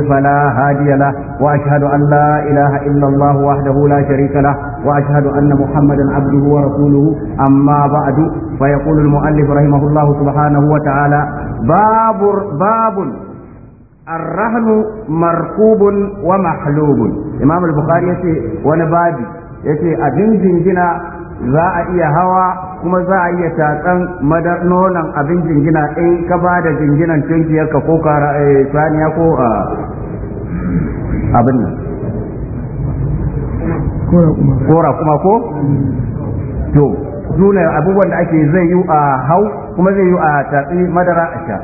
فلا هادي له وأشهد أن لا إله إلا الله وحده لا شريك له وأشهد أن محمدا عبده ورسوله أما بعد فيقول المؤلف رحمه الله سبحانه وتعالى باب باب الرهن مركوب ومحلوب إمام البخاري يقول ونبادي yace abin jingina za a iya hawa kuma za a iya tatsan madar nonon abin jingina in ka ba da jinginan tunkiyarka ko kara eh, saniya ko ah, abin nan kora kuma ko to sune abubuwan da ake zai yi a hau kuma zai yi a tatsi madara a sha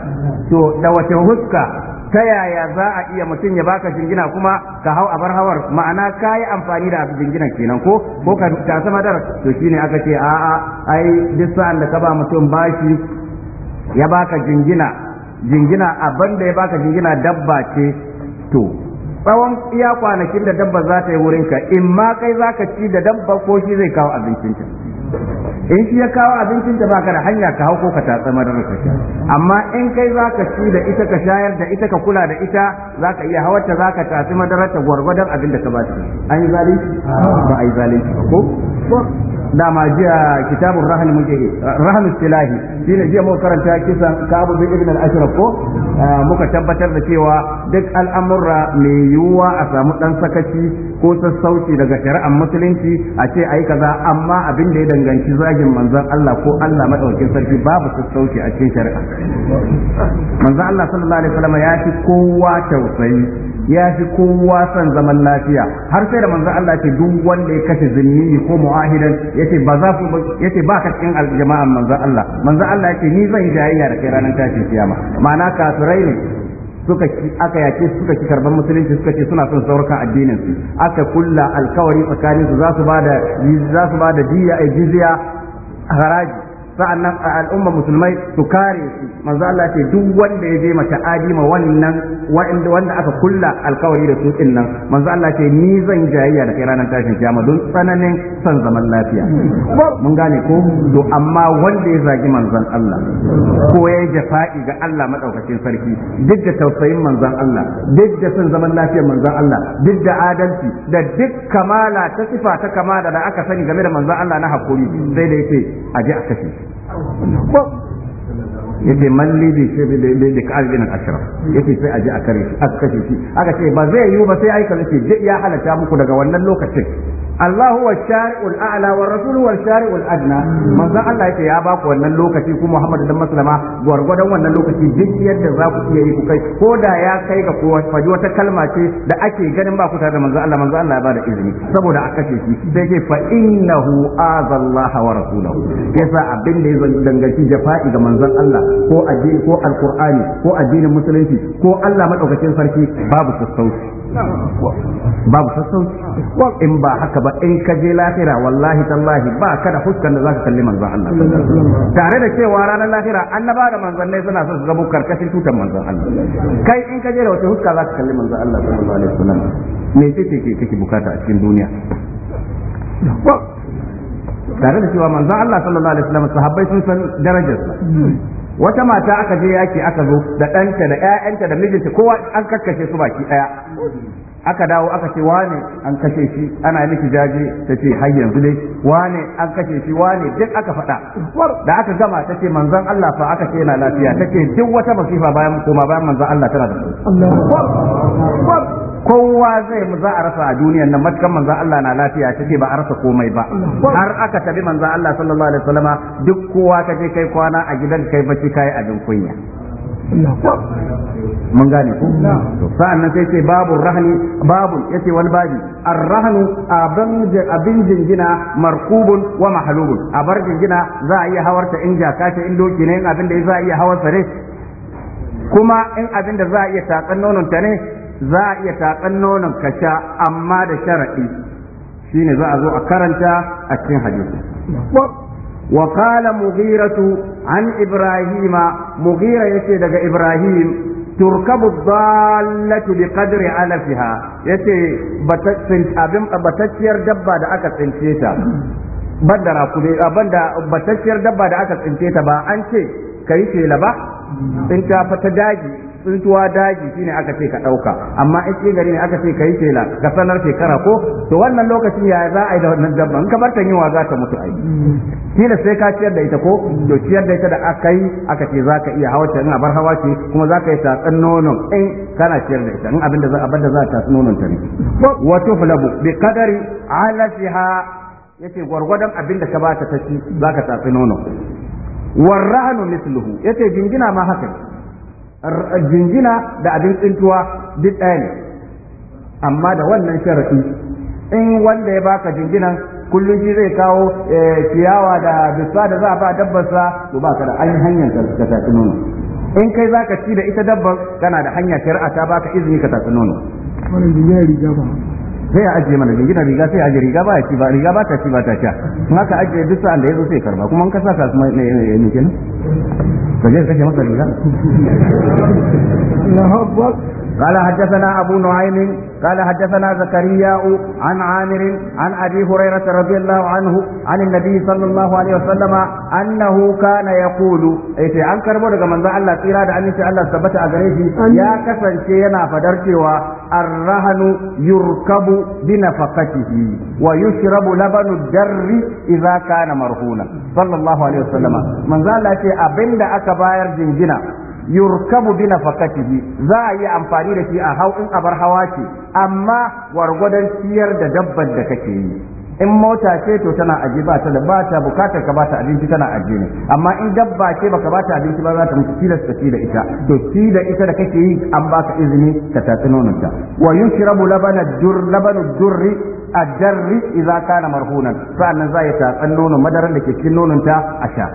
to da wace huska ta yaya za a iya mutum ya baka jingina kuma ka hau abar hawar ma'ana ka yi amfani da jingina kenan ko ko ka tasa madar to ne aka ce a'a ai duk sa'an da ka ba mutum bashi ya baka jingina jingina abin da ya baka jingina dabba ce to tsawon iya kwanakin da dabba za ta yi wurinka in ma kai za ka ci da dabba ko shi zai kawo abincinta in shi ya kawo abincin da baka da hanya ka hau ko ka tatsa madarar ka sha amma in kai zaka ci da ita ka shayar da ita ka kula da ita zaka iya hawarta zaka tatsi madarar ta gwargwadon abin da ka ba ta an yi zalunci ba a yi zalunci ba ko ma jiya kitabun mujahi muke rahan shi ne jiya muka karanta kisan kabu bin ibn al-ashraf ko ah, muka tabbatar da cewa duk al'amurra mai yiwuwa a samu dan sakaci ko sassauci daga shari'ar musulunci a ce ai kaza amma abin da ya danganci zagin manzon Allah ko Allah madaukakin sarki babu sassauci a cikin shari'a manzon Allah sallallahu alaihi wasallam ya fi kowa tausayi ya fi kowa son zaman lafiya har sai da manzon Allah ce duk wanda ya kashe zinni ko mu'ahidan yace ba za ku yace ba ka cikin aljama'an manzon Allah manzon Allah yace ni zan yi jayayya da kai ranar tashin kiyama ma'ana kafirai ne suka aka yake suka ki karban musulunci suka ce suna son sauraka addinin su aka kulla alkawari tsakanin su za su da za su bada diya ai eh, jizya haraji nan a al'ummar musulmai su kare su manzo Allah ce duk wanda ya je mata adima wannan wanda aka kulla alkawari da su din nan manzo Allah ce ni zan jayayya da kai ranar tashin kiyama don tsananin son zaman lafiya mun gane ko to amma wanda ya zagi manzon Allah ko ya jafa'i ga Allah madaukakin sarki duk da tausayin manzon Allah duk da son zaman lafiyar manzon Allah duk da adalci da duk kamala ta sifa ta kamala da aka sani game da manzan Allah na hakuri sai da yake a je a kashe yace malli bi shi da ka albi ashirar ashraf sai aje a kare shi aka kashe aka ce ba zai yiwu ba sai aika yace ya halatta muku daga wannan lokacin Allah huwa shari'ul a'la wa rasul huwa shari'ul adna manzon Allah yake ya ba ku wannan lokaci ku Muhammad dan Maslama gwargwadon wannan lokaci duk yadda za ku iya yi ku kai ko da ya kai ga kowa wata kalma ce da ake ganin ba ku tare da manzon Allah manzon Allah ya ba da izini saboda a kashe shi sai ke fa innahu azallah wa rasulahu yasa abin da ya danganci jafa'i ga manzon Allah ko addini ko ko addinin musulunci ko Allah maɗaukacin sarki babu sassauci babu sassauci in ba haka ba in ka je lahira wallahi tallahi ba ka da fuskar da ka kalli manzon Allah tare da cewa ranar lahira annaba da ne suna son su zama karkashin tutar manzon Allah kai in ka je da wata fuska ka kalli manzon Allah sallallahu alaihi wasallam me ce kake bukata a cikin duniya tare da cewa manzon Allah sallallahu alaihi wasallam sahabbai sun san darajarsa wata mata aka je yaki aka zo da ɗanta da ƴaƴanta da mijinta kowa an kakkashe su baki ɗaya aka dawo aka ce wane an kashe shi ana miki jaje ta ce har yanzu dai wane an kashe shi wane duk aka faɗa da aka gama ta ce manzan Allah fa aka ce yana lafiya ta ce duk wata masifa bayan koma bayan manzan Allah tana da su kowa zai mu za a rasa a duniyan nan matakan manzan Allah na lafiya ta ce, ba a rasa komai ba har aka tabi manzan Allah sallallahu alaihi wasallama duk kowa ka je kai kwana a gidan kai bacci kai abin kunya mun gane ku sa'an nan sai ce babu rahani babu yace wani babi arrahanu abin abin jingina markubun wa mahalubun a bar jingina za a iya hawarta in jaka ce in doki ne in abin da za a iya hawar ne kuma in abin da za a iya takan nonon ta ne za a iya tatsan nonon ka sha amma da sharadi shine za a zo a karanta a cikin hadisi وقال مغيرة عن إبراهيم مغيرة دقى إبراهيم تركب الضالة بقدر علفها يتي بتسير دبا دا أكا تنسيتا banda rakumi banda batacciyar dabba da aka tsince ta ba an ce kai ce tsuntuwa daji shine aka ce ka ɗauka amma in ce gari ne aka ce ka yi tela ka sanar shekara ko to wannan lokacin ya za a yi da wannan dabban ka bar ta yiwa za ta mutu ai kila sai ka ciyar da ita ko to ciyar da ita da aka yi aka ce za ka iya hawace ta in a bar hawa ce kuma za ka yi tatsan nonon in kana ciyar da ita in abin da za a bar da za ta tatsan nonon ta ne wato tuflabu bi kadari alasiha yace gwargwadon abin da ka ba ta ci za ka tatsi nono warrahanu misluhu yace jingina ma haka jinjina da abin tsintuwa duk ɗaya ne amma da wannan sharafi in wanda ya baka jinjinan kullum shi zai kawo eh, ciyawa da bisa da za a ba dabbarsa to ka da an hanyar ka tafi nono in kai za ka ci da ita dabbar kana da hanyar shari'a ta baka izini ka tafi nono sai ya ajiye mana gingina riga sai ya ajiye riga ba ya ci ba riga ba ta ci ba ta sha in aka ajiye duk sa'an da ya zo sai karba kuma in ka sa ka kuma ne ne ne kenan ka je ka masa riga قال حدثنا أبو نعيم قال حدثنا زكريا عن عامر عن أبي هريرة رضي الله عنه عن النبي صلى الله عليه وسلم أنه كان يقول إيتي عن كربو من ذا الله تيرا أن الله ثبت أغريشي يا كسن شينا فدرتي الرهن يركب بنفقته ويشرب لبن الدر إذا كان مرهونا صلى الله عليه وسلم من ذا الله أبند أكباير جنجنا yurkabu bi nafakatihi za a yi amfani da shi a hau in abar hawa ce amma wargwadon ciyar da dabban da kake yi in mota ce to tana aje ba ta da ba ta bukatar ka ba abinci tana aje ne amma in dabba ce baka ba ta abinci ba za ta mutu tilas ta da ita to ci da ita da kake yi an baka izini ka tatsi ta wa yushrabu labana dur labanu durri a darri idza kana marhunan sa'annan za ya tatsan nonon madaran da ke cikin nononta a sha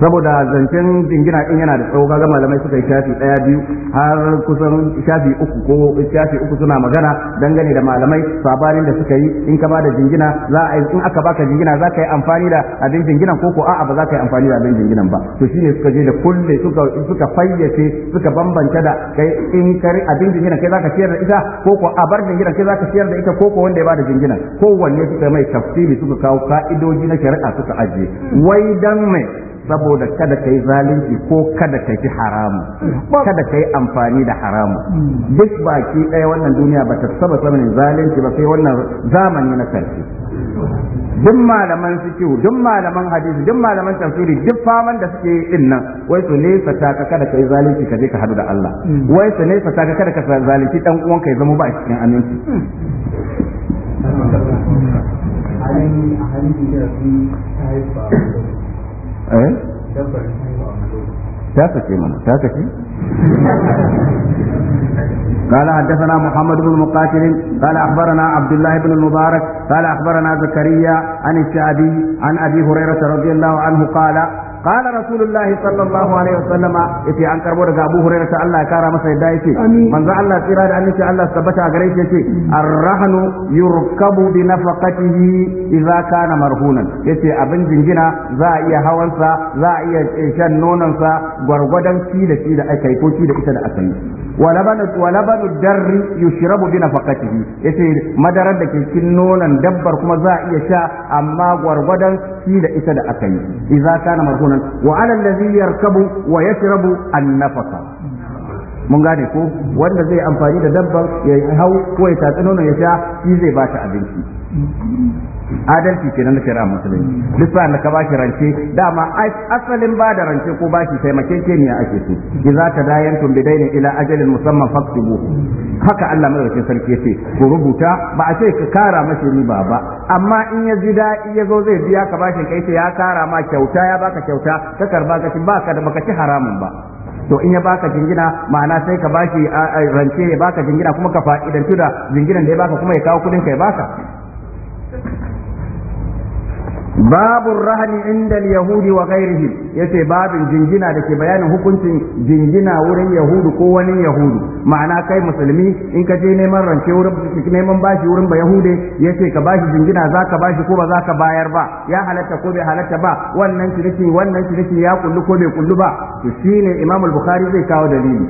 saboda zancen jingina in yana da tsawo kaga malamai suka yi shafi daya biyu har kusan shafi uku ko shafi uku suna magana dangane da malamai sabanin da suka yi in ka bada jingina za a in aka baka jingina za ka yi amfani da abin jinginan ko ko a'a ba za ka yi amfani da abin jinginan ba to shine suka je da kulle suka suka fayyace suka bambanta da kai in kari abin jingina kai za ka ciyar da ita ko ko a bar jingina kai za ka ciyar da ita ko ko wanda ya bada jingina ko wanne suka mai tafsiri suka kawo ka'idoji na shari'a suka ajiye wai dan mai saboda kada ka yi zalunci ko kada ka ci haramu kada ka yi amfani da haramu duk baki ɗaya wannan duniya ba ta saba sanin zalunci ba sai wannan zamani na karshe duk malaman sikiyu, duk malaman hadisi duk malaman tafsiri duk faman da suke yi din nan wai su ne fata ka kada yi zalunci ka je ka hadu da Allah hmm. wai su ne fata ta kada ka zalunci dan uwan ka ya zama ba a cikin aminci a hadisi da sun haifa eh ta kace mana ta kace قال حدثنا محمد بن مقاتل قال اخبرنا عبد الله بن المبارك قال اخبرنا زكريا عن الشعبي عن ابي هريره رضي الله عنه قال قال رسول الله صلى الله عليه وسلم يتي عن كربو دغ ابو هريره الله كارا مسا يدا يتي من ذا الله تيرا دا انتي الله ثبتا غريش يتي الرهن يركب بنفقته اذا كان مرهونا يتي ابن جنجنا ذا iya hawan sa za iya shan nonon sa gwargwadon shi da shi da akai ko shi da ita da akai walaban walaban darri yushrabu binafaqatihi yace madarar da ke cikin nonon dabbar kuma za iya sha amma gwargwadon da da وعلى الذي يركب ويشرب النفقة mun gane ko wanda zai amfani da dabban ya hau ko ya tatsi nono ya sha shi zai ba ta abinci adalci kenan na shari'a musulunci duk sa'an da ka shi rance dama asalin ba da rance ko bashi ne ake so dayan tadayantum ne ila ajalin musamman faktubu haka Allah madaukakin sarki yace ku rubuta ba a ce ka kara mashi riba ba amma in ya ji daɗi ya zo zai biya ka bashin kai ya kara ma kyauta ya baka kyauta ka karba ka ci baka da baka ci haramun ba to in ya baka jingina ma'ana sai ka bashi rance ya baka jingina kuma ka fa'idantu da jinginan da ya baka kuma ya kawo kudin ka ya baka babu rahani inda yahudi wa ya yace babin jingina da ke bayanin hukuncin jingina wurin yahudu ko wani yahudu ma'ana kai musulmi in ka je neman rance wurin neman bashi wurin ba yahude yace ka bashi jingina zaka bashi ko ba zaka bayar ba ya halatta ko bai halatta ba wannan ciniki wannan ciniki ya kullu ko bai kullu ba to shine imam al-bukhari zai kawo dalili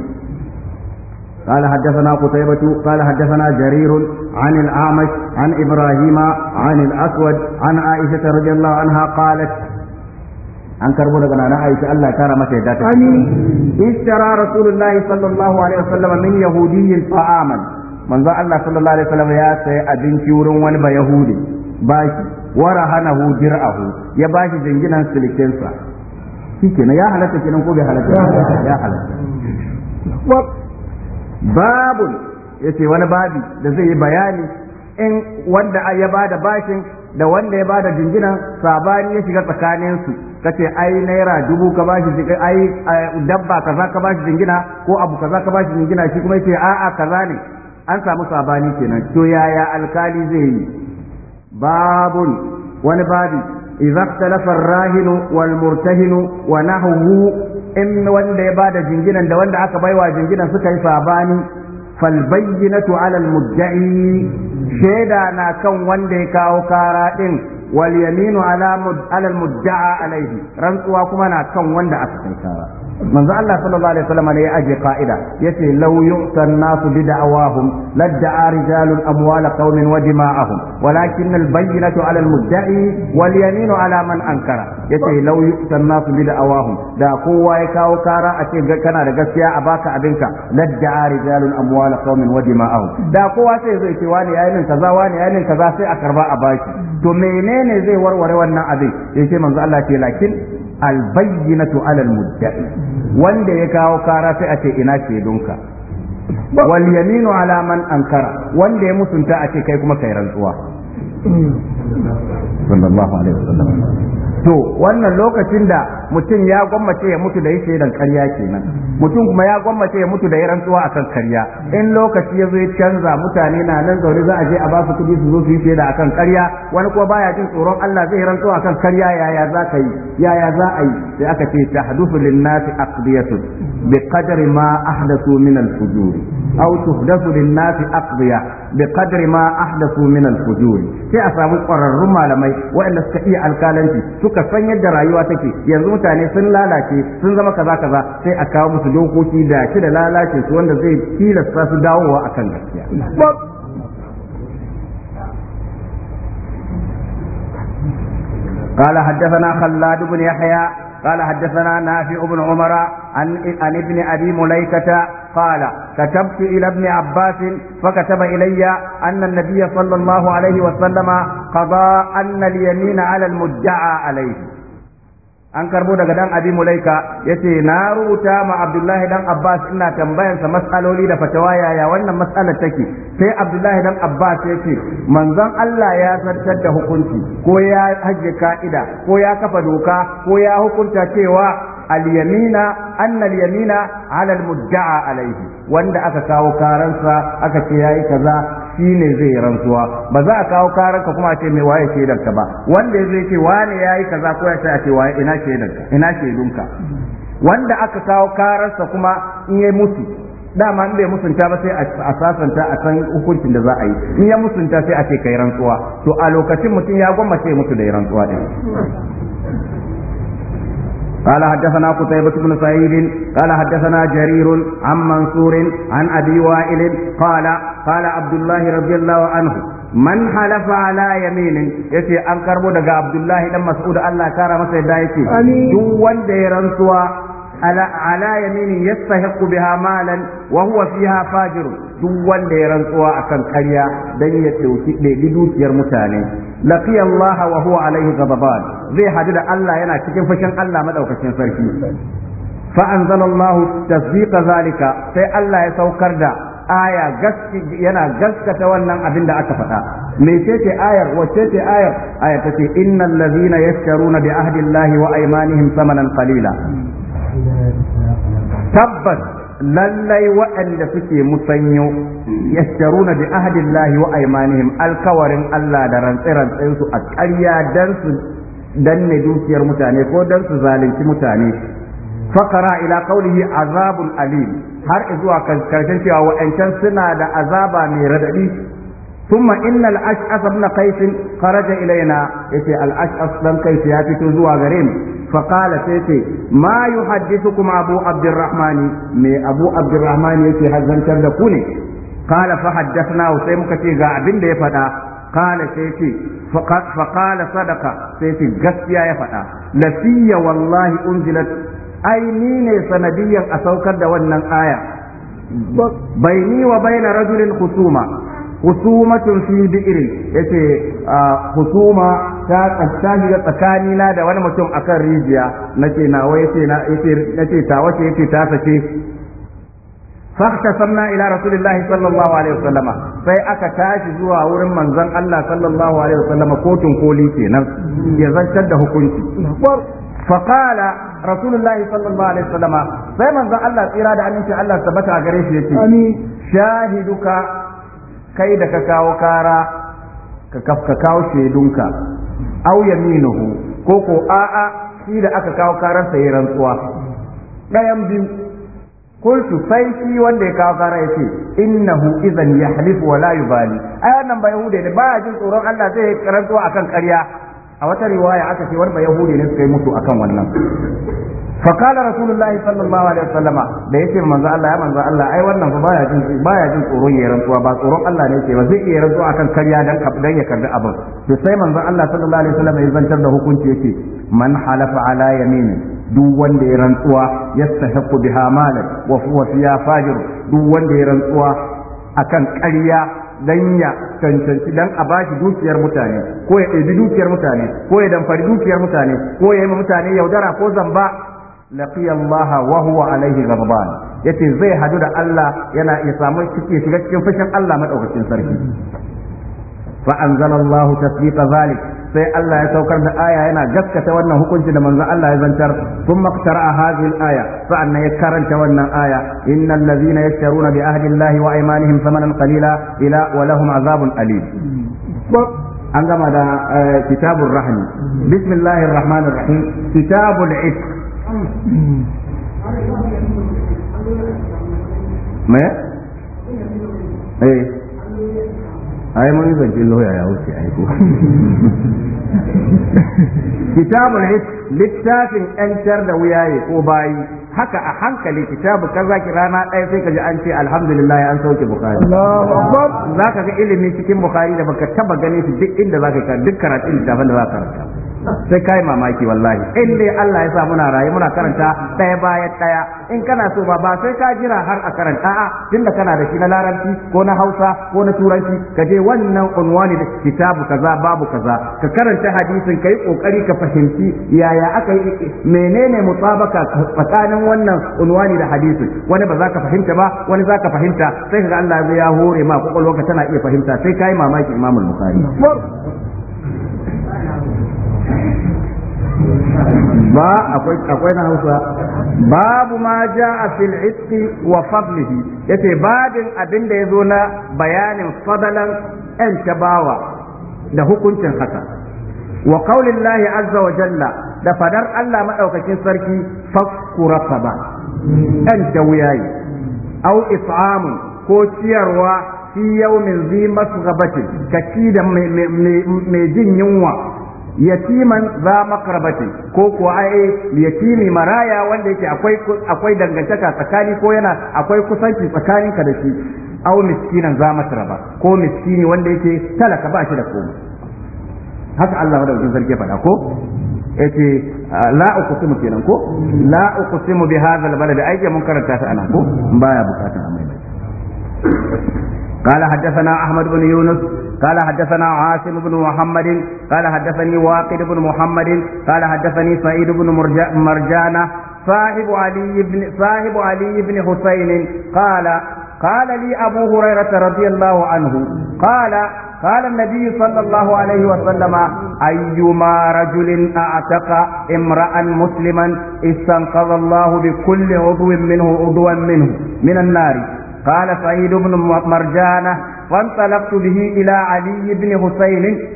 قال حدثنا قتيبة قال حدثنا جرير عن الأعمش عن إبراهيم عن الأسود عن عائشة رضي الله عنها قالت an karbo daga nana Aisha Allah kara mata yadda ta amin ishtara rasulullah sallallahu alaihi wasallam min yahudiyyin ta'aman manzo Allah sallallahu alaihi wasallam ya sayi abinci wurin wani ba yahudi bashi warahanahu dir'ahu ya bashi jinginan silikinsa shikenan ya halatta kenan ko bai ya halatta babun yace wani babi da zai yi bayani in wanda ya bada bashin da wanda ya bada jinginan sabani ya shiga tsakaninsu. su kace ai naira dubu ka bashi ai dabba kaza ka bashi jingina ko abu kaza ka bashi jingina shi kuma yace a'a kaza ne an samu sabani kenan to yaya alkali zai yi babun wani babi idza ikhtalafa ar-rahinu wal wa nahwu in wanda ya bada jinginan da wanda aka baiwa jinginan suka yi sabani fal bayyinatu ala al-mudda'i shaida na kan wanda ya kawo kara din wal yaminu ala al-mudda'a alayhi rantsuwa kuma na kan wanda aka kai kara manzo Allah sallallahu alaihi wasallam ne ya aje ka'ida yace law yu'tan nasu bi da'awahum ladda'a rijalul amwal qaumin wa dima'ahum walakin al bayyinatu ala al mudda'i wal yaminu ala man ankara yace law yu'tan nasu bi da kowa ya kawo kara a ce kana da gaskiya a baka abinka ladda'a rijalul amwal qaumin wa dima'ahum da kowa sai zai ce wani yayin kaza wani yayin kaza sai a karba a baki to menene zai warware wannan abin yace manzo Allah ce lakin albayyinatu alal mudda'i wanda ya kawo kara sai a ce ina shaidunka wal yaminu ala man ankara wanda ya musunta a ce kai kuma kai rantsuwa sallallahu alaihi wasallam to wannan lokacin da mutum ya gwammace ya mutu da yi dan karya kenan mutum kuma ya gwammace ya mutu da yi rantsuwa akan karya in lokaci ya zo ya canza mutane na nan zaune za a je a ba su kuɗi su zo su yi shaida akan karya wani kuma baya jin tsoron Allah zai rantsuwa akan karya yaya za ka yi yaya za a yi sai aka ce tahdufu lin-nasi aqdiyatu bi qadri ma ahdathu min al-fujur aw tuhdathu lin-nasi aqdiya بقدر ما أحدثوا من الفجور sai a samu ƙwararrun malamai waɗanda suka iya alkalanci suka san yadda rayuwa take yanzu mutane sun lalace sun zama kaza kaza sai a kawo musu dokoki da shi da lalace su wanda zai tilasta su dawowa akan gaskiya قال حدثنا خلاد بن يحيى قال حدثنا نافع بن عمر عن, عن ابن أبي مليكة قال كتبت إلى ابن عباس فكتب إلي أن النبي صلى الله عليه وسلم قضى أن اليمين على المدعى عليه an karbo daga dan abi mulaika yace na rubuta ma abdullahi dan abbas ina tambayansa matsaloli da fatawa yaya wannan matsalar take sai abdullahi dan abbas yace manzon Allah ya sarkar da hukunci ko ya hajje ka'ida ko ya kafa doka ko ya hukunta cewa al-yamina anna al-yamina ala al-mudda'a alayhi wanda aka kawo karansa aka ce yayi kaza ne zai rantsuwa ba za a kawo ka kuma a ce mai waye shaidar ka ba wanda zai ce wane yayi kaza ko ya ce a ce waye ina shaidar ina shaidunka wanda aka kawo kararsa kuma in ya mutu dama in bai musunta ba sai a sasanta a san hukuncin da za a yi in ya musunta sai a ce kai rantsuwa to a lokacin mutum ya gwammace mutu da rantsuwa din قال حدثنا قتيبة بن سعيد قال حدثنا جرير عن منصور عن أبي وائل قال قال عبد الله رضي الله عنه man halafa ala yaminin yace an karɓo daga Abdullahi dan Mas'ud Allah kara masa yadda yace duk wanda ya rantsuwa على على يمين يستحق بها مالا وهو فيها فاجر duk wanda ya rantsuwa akan karya dan ya ɗauki ɗebi dukiyar mutane laqiya Allah wa huwa alaihi ghadaban zai haɗu da Allah yana cikin fashin Allah maɗaukacin sarki fa anzalallahu tasdiqa zalika sai Allah ya saukar da aya yana gaskata wannan abin da aka faɗa mecece ayar wacece ayar ayar tace innal ladhina yashtaruna bi ahdillahi wa aymanihim samanan qalila tabbas lallai waɗanda suke musanyo yashtaruna bi ahdillahi wa aymanihim alkawarin Allah da rantsi su a ƙarya dan su danne dukiyar mutane ko dan su zalunci mutane fakara ila qawlihi azabul alim har zuwa karshen cewa wa'ancan suna da azaba mai radadi ثم إن الأشعث بن قيس خرج إلينا يتي الأشعث بن ya fito zuwa زوا غريم فقال سيتي ما يحدثكم أبو عبد الرحمن من أبو عبد الرحمن يتي هزن تردكوني قال فحدثنا وسيمك تيغا عبن دي فدا قال سيتي فقال, فقال صدقة سيتي قسيا يفدا لفي والله أنزلت أي نيني سنديا أسوكر دا ونن آية بيني وبين رجل خصومة husumatun fi bi'rin yace husuma ta shiga tsakani na da wani mutum akan rijiya nace nawa yace na yace nace ta wace yace ta sace فاختصمنا الى رسول الله صلى الله عليه وسلم sai aka tashi zuwa wurin manzon Allah sallallahu alaihi wasallam kotun koli kenan ya zartar da hukunci faqala rasulullahi sallallahu alaihi wasallam sai manzon Allah tsira da aminci Allah tabbata a gare shi yake shahiduka kai da ka kawo kara ka kawo shaidunka au yaminuhu ko ko a'a shi da aka kawo karar sa yi rantsuwa ɗayan biyu kultu sai shi wanda ya kawo kara ya yace innahu idan yahlifu wa la yubali ai wannan ba yahude ne ba jin tsoron Allah zai yi rantsuwa akan ƙarya a wata riwaya aka ce wani yahudi ne suka yi mutu akan wannan fa kana rasulullahi sallallahu alaihi wasallama da yace manzo Allah ya manzo Allah ai wannan fa baya jin baya jin tsoron ya rantsuwa ba tsoron Allah ne ce ba zai iya rantsuwa akan karya dan dan ya karbi abin to sai manzo Allah sallallahu alaihi wasallama ya zantar da hukunci yake man halafa ala yamin duk wanda ya rantsuwa yastahiqu biha malan wa huwa fiha fajir duk wanda ya rantsuwa akan karya. dan ya cancanci dan a bashi dukiyar mutane ko ya ɗebi dukiyar mutane ko ya damfari dukiyar mutane ko ya yi mutane yaudara ko zamba laqiya Allah wa huwa alaihi ghadban yace zai hadu da Allah yana iya samu cike shiga cikin fashin Allah madaukakin sarki fa anzalallahu tasdiqa zalik sai Allah ya saukar da aya yana gaskata wannan hukunci da manzon Allah ya zantar kun maktara hadhihi al-aya sa'annan ya karanta wannan aya innal ladzina yashtaruna bi ahdi Allah wa aymanihim thamanan qalila ila wa lahum azabun alim an gama da eh, kitabur rahmi bismillahir rahmanir rahim kitabul itq me eh ai mun zargi lauya ya wuce ai ko kitabul hit littafin antar da wuyaye ko bayi haka a hankali kitabu kaza ki rana ɗaya sai ka ji an ce alhamdulillah an sauke bukhari Allahu akbar zaka ga ilimi cikin bukhari da baka taba gane shi duk inda zaka ka duk karatun littafin da zaka karanta sai kai mamaki wallahi in Allah ya sa muna raye muna karanta daya bayan daya in kana so ba ba sai ka jira har a karanta a tunda kana da shi na larabci ko na Hausa ko na Turanci ka je wannan unwani da kitabu kaza babu kaza ka karanta hadisin kai kokari ka fahimci yaya aka yi menene mutabaka tsakanin wannan unwani da hadisin wani ba za ka fahimta ba wani za ka fahimta sai ka ga Allah ya hore ma ka tana iya fahimta sai kai mamaki Imam Bukhari ba akwai akwai na Hausa babu ma jaa fil itti wa fadlihi yace babin abin da yazo na bayanin fadalan yan tabawa da hukuncin haka wa qaulillahi azza wa jalla da fadar Allah madaukakin sarki fakku saba yan tawiyayi au is'amun ko ciyarwa fi yawmin zi masghabatin kaci da mai jin yunwa yatiman za makrabati ko ko ai yatimi maraya wanda yake akwai akwai dangantaka tsakani ko yana akwai kusanci tsakanin tsakaninka da shi aw miskinan za matraba ko miskini wanda yake talaka ba shi da komai haka Allah da madaukakin sarki faɗa ko yace ah, la uqsimu kenan ko la uqsimu bi hadha al-balad ai mun karanta ta anan ko baya bukatan amai قال حدثنا أحمد بن يونس قال حدثنا عاصم بن محمد قال حدثني واقد بن محمد قال حدثني سعيد بن مرجانة صاحب علي بن صاحب علي بن حسين قال قال لي أبو هريرة رضي الله عنه قال قال النبي صلى الله عليه وسلم أيما رجل أعتق امرأ مسلما استنقذ الله بكل عضو منه عضوا منه من النار قال سعيد بن مرجانة فانطلقت به إلى علي بن حسين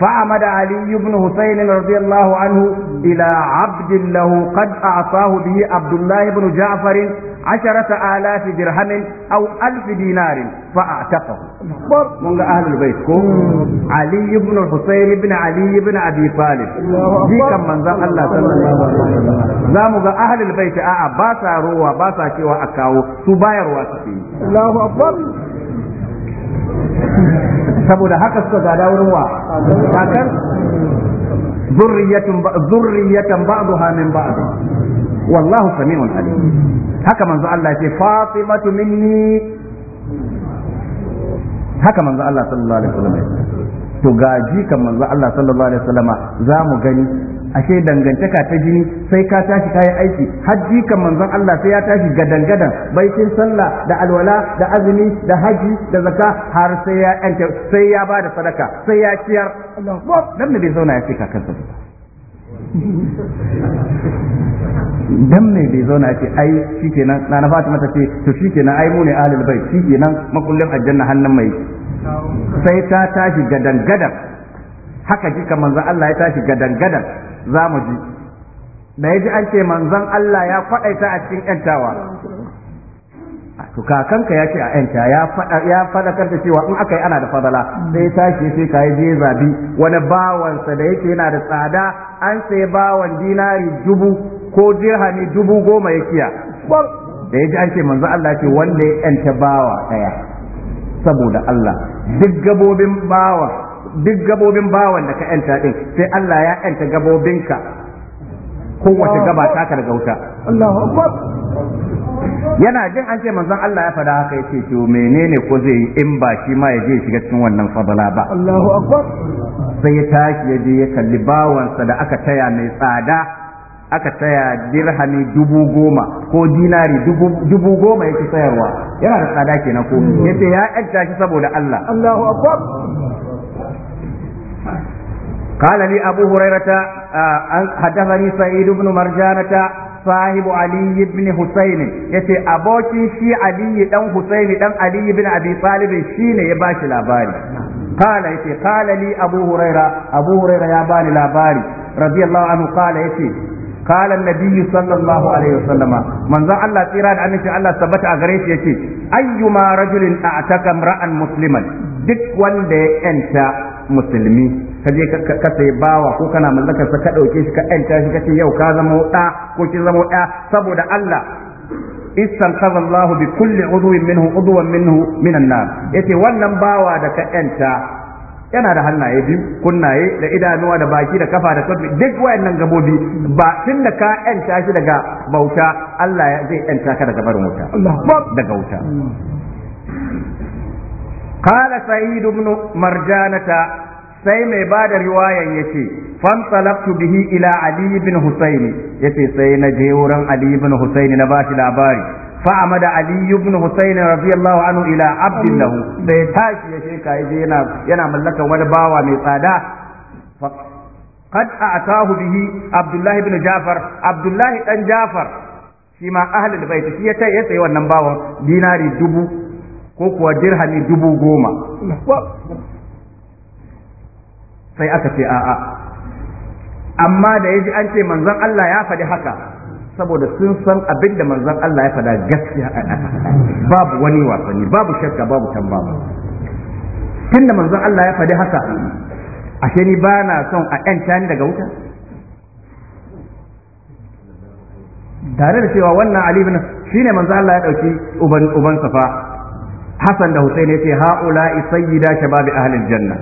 فعمد علي بن حسين رضي الله عنه إلى عبد له قد أعطاه به عبد الله بن جعفر عشرة آلاف درهم أو ألف دينار فأعتقه من أهل البيت علي بن حسين بن علي بن أبي طالب كم من ذا الله صلى الله عليه وسلم زامو أهل البيت آآ روى باسا كيوا أكاو سباير واسفين الله أكبر saboda haka suka gada wurin wa kakar zurriyatan ba'daha min ba'd wallahu sami'un alim haka manzo Allah ce fatimatu minni haka manzo Allah sallallahu alaihi to gaji kan Allah sallallahu alaihi za mu gani ashe dangantaka ta jini sai ka tashi kayan aiki hajji kan manzon Allah sai ya tashi gadan-gadan baitin sallah da alwala da azumi da haji da zaka har sai ya yanke sai ya ba da sadaka sai ya ciyar Allah dan bai zauna ya ce kakansa ba dan ne bai zauna ce ai shikenan na na Fatima ta ce to shikenan ai mu ne alil bait shikenan makullin aljanna hannun mai sai ta tashi gadan gadan haka ji kamar manzon Allah ya tashi gadan gadan za mu ji da ya ji an ce manzon Allah ya kwadaita a cikin yantawa to kakanka ya ce a yanta ya fada ya fadakar da cewa in aka yi ana da fadala sai tashi sai kai je zabi wani bawansa da yake yana da tsada an sai bawan dinari dubu ko dirhami dubu goma ya kiya da yaji an ce manzo Allah ce wanda ya yanta bawa daya saboda Allah duk gabobin bawa duk gabobin bawan da ka yanta din sai Allah ya yanta gabobinka kowace gaba taka daga wuta Allahu akbar yana jin an ce manzon Allah ya faɗa haka yace to menene ko zai yi in ba shi ma ya shiga cikin wannan fadala ba Allahu akbar sai ya tashi ya je ya kalli bawansa da aka taya mai tsada aka taya dirhami dubu goma ko dinari dubu goma yake sayarwa yana da tsada kenan ko yace mm. ya ajja shi saboda Allah Allahu akbar قال لي أبو هريرة حدثني سعيد بن مرجانة sahibu Ali ibn Husayn yace abokin shi Aliyu dan Husayn dan Ali ibn Abi Talib shine ya bashi labari kala yace kala li Abu Huraira Abu Huraira ya bani labari radiyallahu anhu kala yace kala an-nabiy sallallahu alaihi wasallama manzo Allah tsira da annabi Allah tabbata a gare shi yace ayyuma rajulin a'taka ra'an musliman duk wanda ya yanta. musulmi ka je ka sai bawa ko kana mallakar sa ka dauke shi ka ƴanta shi kace yau ka zama ɗa ko ki zama ɗa saboda Allah isan Allahu bi kulli udwin minhu udwan minhu minan nar yace wannan bawa da ka yana da hannaye biyu kunnaye da idanuwa da baki da kafa da kafa duk wayannan gabobi ba tunda da ka ƴanta shi daga bauta Allah ya zai ƴanta ka daga barin wuta wuta mm. قال سعيد بن مرجانة sai mai ba da riwayan ya ce fansalaftu bihi ila ali bin husaini ya ce sai na je wurin ali bin husaini na bashi labari فعمد Aliyu bin Husaini رضي الله عنه الى عبد da ya tashi ya yana yana mallakan wani bawa mai tsada قد a به bihi Abdullahi بن Jafar Abdullahi ɗan Jafar جعفر shi ma ahlul bai shi ya ya sayi wannan bawan dinari dubu ko kuwa dirhami dubu goma sai aka ce a'a amma da ya ji an ce manzon Allah ya faɗi haka saboda sun san abin da manzon Allah ya faɗa gaskiya babu wani wasanni babu shakka babu tambaba tun da manzon Allah ya faɗi haka ashe ni ba na son a ‘yanta ni daga wuta tare da cewa wannan Ali bin shine manzon Allah ya ɗauki uban safa Hassan da Hussein yace haula sayyida shababi ahlil janna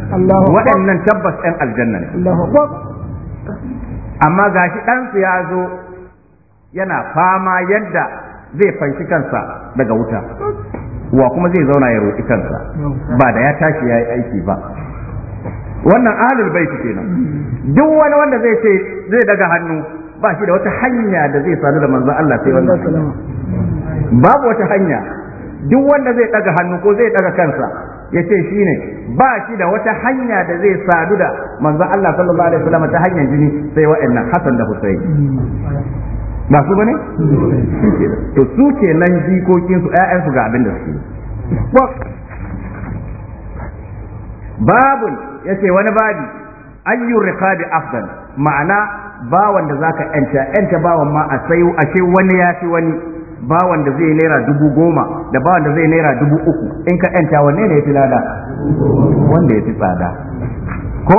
waɗannan tabbas ɗan aljanna ne amma gashi ɗansu ya zo yana fama yadda zai fanshi kansa daga wuta wa kuma zai zauna ya roƙi kansa ba da ya tashi ya yi aiki ba wannan ahlul baiti kenan duk wani wanda zai ce zai daga hannu ba shi da wata hanya da zai sadu da manzon Allah sai wannan babu wata hanya duk wanda zai daga hannu ko zai daga kansa ya ce shi ne ba shi da wata hanya da zai sadu da manzo Allah sallallahu alaihi wasallam ta hanyar jini sai wa'annan Hassan da Hussein ba su bane to su nan jikokin su ƴaƴan su ga abin da suke babun yace wani babi ayyu riqabi afdal ma'ana bawan da zaka yanta yanta bawan ma a sai a ce wani ya fi wani Bawan da zai naira dubu goma da bawan da zai naira dubu uku in ka yanta wanne ne ya fi lada wanda ya fi tsada ko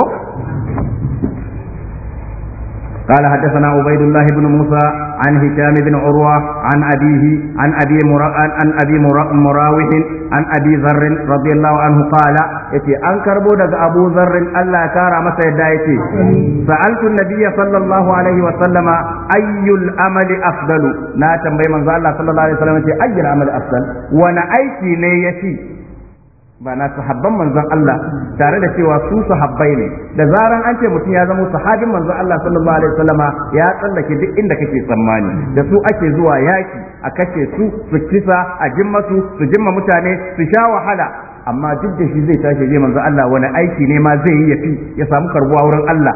قال حدثنا عبيد الله بن موسى عن هشام بن عروة عن أبيه عن أبي مرا عن أبي مرا مراوح عن أبي ذر رضي الله عنه قال يتي أنكر بودك أبو ذر ألا كار متى سألت النبي صلى الله عليه وسلم أي الأمل أفضل لا تنبي من الله صلى الله عليه وسلم أي الأمل أفضل وأنا أيتي نيتي ba na sahabban manzon Allah tare da cewa su sahabbai ne da zaran an ce mutum ya zama sahabin manzon Allah sallallahu alaihi wasallama ya tsallake duk inda kake tsammani da su ake zuwa yaki a kashe su su kisa a jimma su su jimma mutane su sha wahala amma duk da shi zai tashi zai manzon Allah wani aiki ne ma zai yi ya fi ya samu karbuwa wurin Allah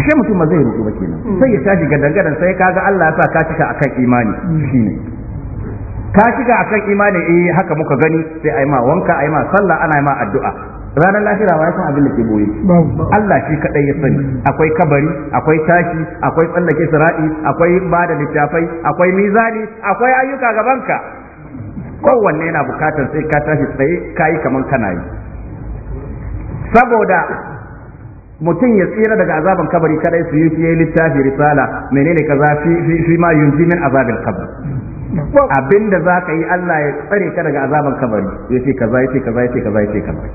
ashe mutum ma zai rubuta ba kenan sai ya tashi gadan gadan sai kaga Allah ya sa ka cika akan imani shine ka shiga kan imani eh haka muka gani sai ai ma wanka ai ma sallah ana ma addu'a ranar lahira wa san abin da ke boye Allah shi kadai ya sani akwai kabari akwai tashi akwai tsallake sira'i akwai bada littafai akwai mizani akwai ayyuka gabanka kowanne yana bukatar sai ka tashi tsaye kayi kaman kana yi saboda mutum ya tsira daga azaban kabari kadai su yi yayi littafi risala menene kaza fi fi ma yunzi min azabil qabr abinda zaka yi Allah ya tsare ka daga azaban kabari yace kaza yace kaza yace kaza yace kaza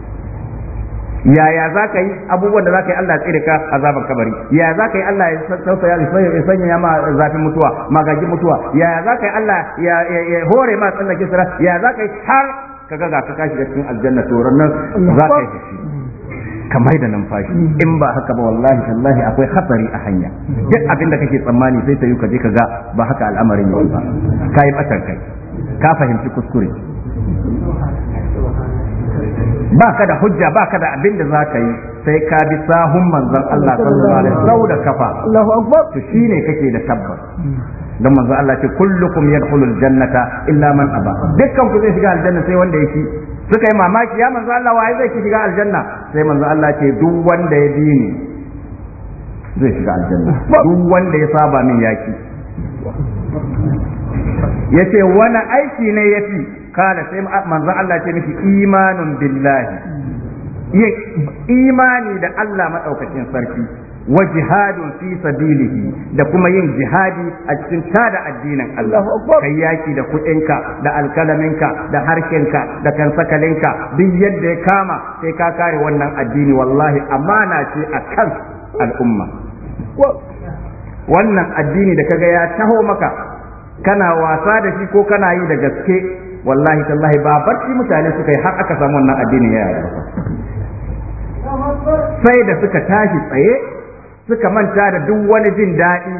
yaya za ka yi abubuwan da za ka yi Allah ya tsare ka azaban kabari yaya za ka yi Allah ya sanya ya ma zafin mutuwa magagin mutuwa yaya za ka yi Allah ya hore ma tsallake sira yaya za ka yi har ka ga ka kashi da cikin aljanna to nan za ka yi ka mai da numfashi in ba haka ba wallahi tallahi akwai hatsari a hanya duk abin da kake tsammani sai ta yi ka je ka ga ba haka al'amarin yau ba ka yi ɓatar kai ka fahimci kuskure ba ka da hujja ba ka da abin da za ka yi sai ka bi sahun manzon Allah sallallahu alaihi wasallam da kafa Allahu akbar to shine kake da tabbas dan manzo Allah ce kullukum yadkhulul jannata illa man aba dukkan ku zai shiga aljanna sai wanda yake suka yi mamaki ya manzo Allah wai zai shiga aljanna sai manzo Allah ce duk wanda ya bi zai shiga aljanna duk wanda ya saba min yaki yace wani aiki ne yafi kala sai manzo Allah ce miki imanun billahi imani da Allah madaukakin sarki wa jihadun fi sabilihi da kuma yin jihadi a cikin tada addinin Allah kai yaki da kuɗinka da ka, da ka da kansakalinka duk yadda ya kama sai ka kare wannan addini wallahi amana ce a kan al'umma wannan addini da kaga ya taho maka kana wasa da shi ko kana yi da gaske wallahi tallahi ba barci mutane suka yi har aka samu wannan addini ya sai da suka tashi tsaye suka manta da duk wani jin daɗi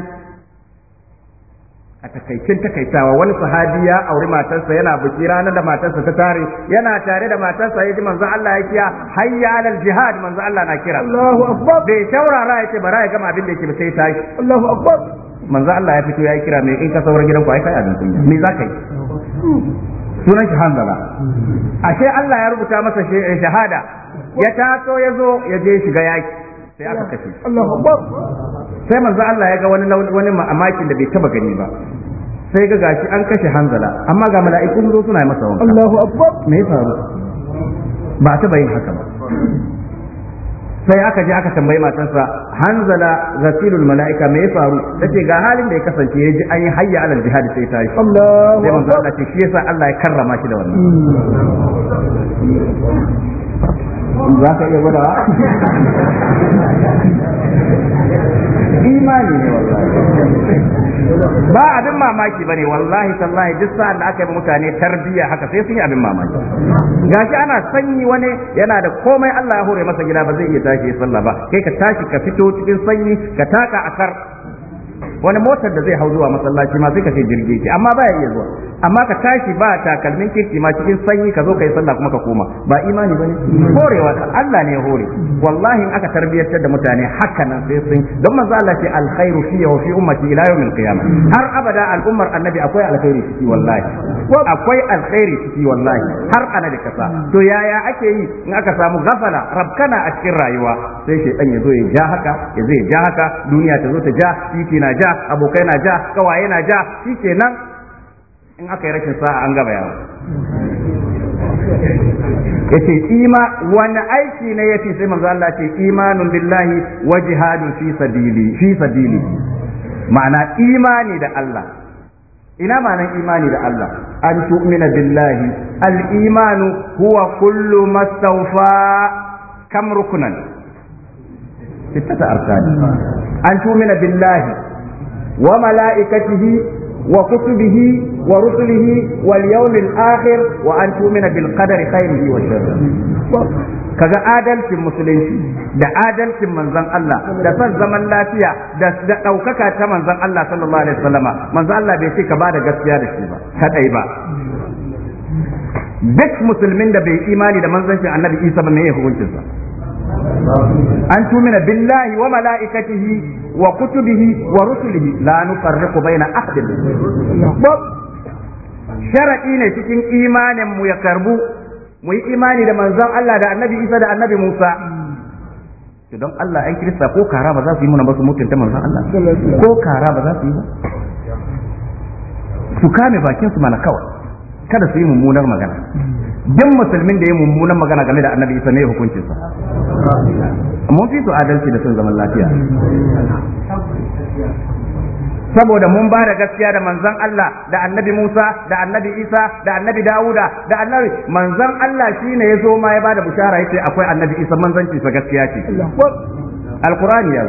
a takaicin takaitawa wani sahabi ya auri matarsa yana buki ranar da matarsa ta tare yana tare da matarsa ya ji manzo Allah ya kiya hayya alal jihad manzo Allah na kira Allahu akbar bai shaurara yake bara ya gama abin da yake ba sai tashi Allahu akbar manzo Allah ya fito ya kira mai in ka saurar gidanku ai kai abin kunya me za ka sunan shi handala ashe Allah ya rubuta masa eh, shahada ya taso ya zo ya je shiga yaki sai aka kashe sai manzo Allah ya ga wani wani mamakin da bai taba gani ba sai ga gashi an kashe hanzala amma ga mala'iku sun zo suna masa wanka Allahu akbar me yasa faru ba ta bayin haka ba sai aka je aka tambayi matarsa hanzala rasilul mala'ika me ya faru tace ga halin da ya kasance yaji an yi hayya alal jihad sai ta yi sai manzo Allah ce shi yasa Allah ya karrama shi da wannan hmm. za ka iya gwadawa imani ne wallahi ba abin mamaki ne. wallahi tallahi duk sa'an da aka yi mutane tarbiyya haka sai sun yi abin mamaki gashi ana sanyi wani yana da komai Allah ya hore masa gida ba zai iya tashi sallah ba kai ka tashi ka fito cikin sanyi ka taka a kar. wani motar da zai hau zuwa masallaci ma sai ka ce jirgi ce amma baya iya zuwa amma ka tashi ba takalmin kirki ma cikin sanyi ka zo yi sallah kuma ka koma ba imani bane horewa Allah ne hore wallahi in aka tarbiyyantar da mutane haka nan sai sun don manzo Allah ce alkhairu fi wa fi ummati ila yawmil qiyamah har abada al'ummar annabi akwai alkhairi ciki wallahi akwai alkhairi ciki wallahi har annabi kasa to yaya ake yi in aka samu gafala rabkana a cikin rayuwa sai shaytan ya zo ya ja haka ya zai ja haka duniya ta zo ta ja titi na ja ja abokai na ja kawaye na ja shi nan, in aka yi rashin sa'a an gaba ya ce ima wani aiki ne ce sai manzo Allah ce imanun billahi wa jihadun fi sabili ma'ana imani da Allah ina ma'anan imani da Allah an tu'mina billahi al-imanu huwa kullu mastawfa kam rukunan sittata arkani an tu'mina billahi wa mala'ikatihi wa kutubihi wa rusulihi wal yawmil akhir wa an tu'mina bil qadari khairihi wa kaga adalcin musulunci da adalcin manzon Allah da san zaman lafiya da daukaka ta manzon Allah sallallahu alaihi wasallama manzon Allah bai ce ka bada gaskiya da shi ba kadai ba duk musulmin da bai imani da manzancin annabi Isa ba me ya hukuncinsa an tumina billahi wa mala'ikatihi وكتبه ورسله لا نفرق بين أحد sharaɗi ne cikin imanin mu ya karbu mu yi imani da manzon Allah da annabi Isa da annabi Musa to don Allah ɗan Kirista ko kara ba za su yi muna ba su mutunta manzon Allah ko kara ba za su yi ba su kame bakin su mana kawai kada su yi mummunar magana duk musulmin da ya mummunar magana game da annabi isa ne hukuncinsa mun fi su adalci da son zaman lafiya saboda mun ba da gaskiya da manzon Allah da annabi Musa da annabi Isa da annabi Dawuda da annabi manzon Allah shine ya zo ma ya ba da bushara yace akwai annabi Isa manzanci sa gaskiya ce alqur'ani ya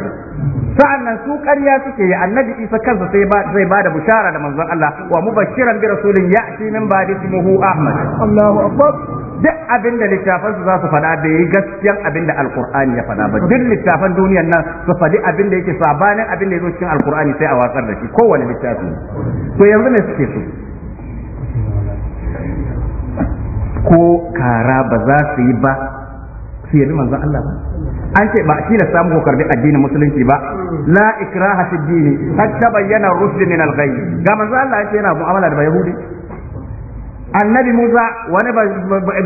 zo nan su ƙarya suke yi annabi isa kansa sai zai ba da bushara da manzon Allah wa mubashiran bi rasulin ya'ti min da ismuhu ahmad Allahu akbar duk abin da littafan su za su faɗa bai yi gaskiyan abin da alqur'ani ya faɗa ba duk littafan duniyar nan su faɗi abin da yake sabanin abin da yake cikin alqur'ani sai a watsar da shi kowane littafi to yanzu ne suke so ko kara ba za su yi ba su yi manzon Allah ba an ce ba shi da samu ko karbi addinin musulunci ba la ikraha fi dini hatta bayyana rusul min al ghayb ga manzo Allah yace yana mu'amala da yahudi annabi Musa wani